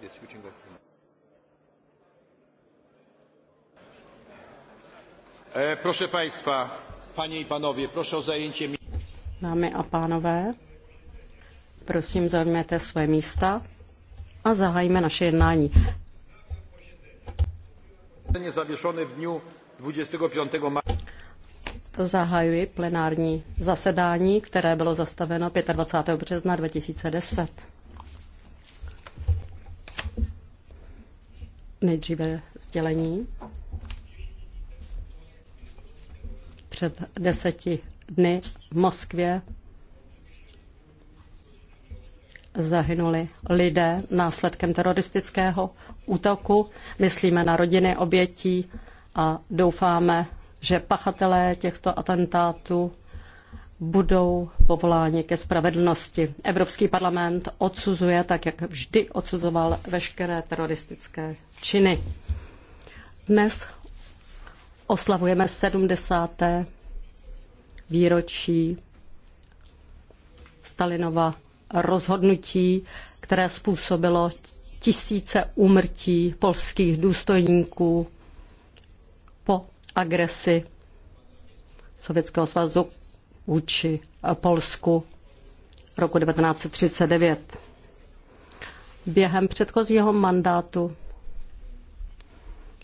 to switching off. E, proszę Państwa, Panie i Panowie, proszę o zajęcie Dámy a pánové, prosím zaujměte své místa a zahájíme naše jednání. 25. Zahajuji plenární zasedání, které bylo zastaveno 25. března 2010. Nejdříve sdělení. Před deseti dny v Moskvě zahynuli lidé následkem teroristického útoku. Myslíme na rodiny obětí a doufáme, že pachatelé těchto atentátů budou povoláni ke spravedlnosti. Evropský parlament odsuzuje, tak jak vždy odsuzoval veškeré teroristické činy. Dnes oslavujeme 70. výročí Stalinova rozhodnutí, které způsobilo tisíce úmrtí polských důstojníků po agresi Sovětského svazu vůči eh, Polsku roku 1939. Během předchozího mandátu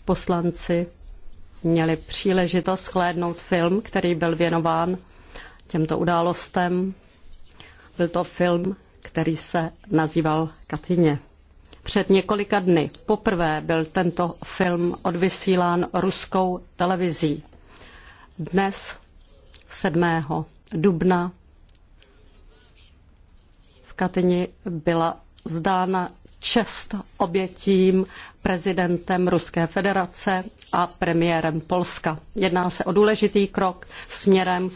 poslanci měli příležitost shlédnout film, který byl věnován těmto událostem. Byl to film, který se nazýval Katyně. Před několika dny poprvé byl tento film odvysílán ruskou televizí. Dnes 7 dubna v Katyni byla vzdána čest obětím prezidentem Ruské federace a premiérem Polska. Jedná se o důležitý krok směrem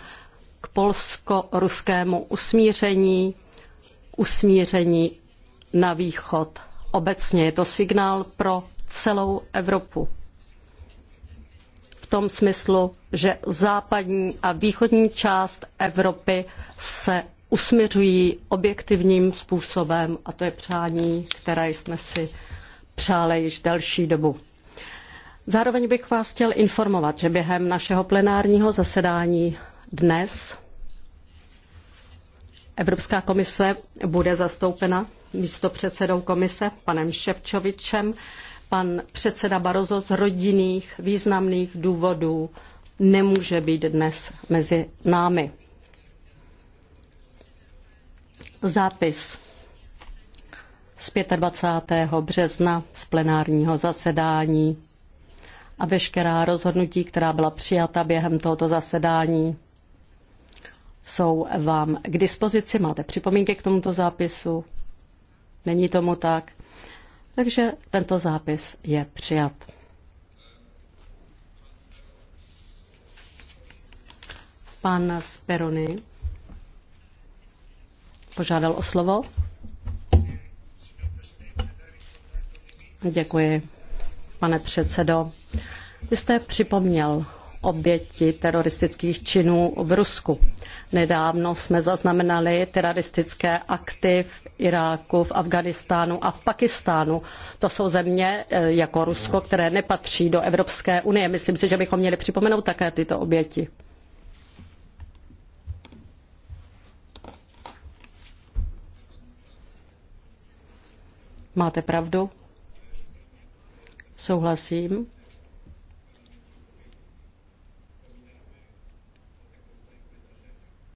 k polsko-ruskému usmíření, usmíření na východ. Obecně je to signál pro celou Evropu tom smyslu, že západní a východní část Evropy se usmiřují objektivním způsobem a to je přání, které jsme si přáli již delší dobu. Zároveň bych vás chtěl informovat, že během našeho plenárního zasedání dnes Evropská komise bude zastoupena místopředsedou komise panem Ševčovičem pan předseda Barozo z rodinných významných důvodů nemůže být dnes mezi námi. Zápis z 25. března z plenárního zasedání a veškerá rozhodnutí, která byla přijata během tohoto zasedání, jsou vám k dispozici. Máte připomínky k tomuto zápisu? Není tomu tak? Takže tento zápis je přijat. Pan Sperony požádal o slovo. Děkuji, pane předsedo. Vy jste připomněl oběti teroristických činů v Rusku. Nedávno jsme zaznamenali teroristické akty v Iráku, v Afghánistánu a v Pakistánu. To jsou země eh, jako Rusko, které nepatří do Evropské unie. Myslím si, že bychom měli připomenout také tyto oběti. Máte pravdu? Souhlasím.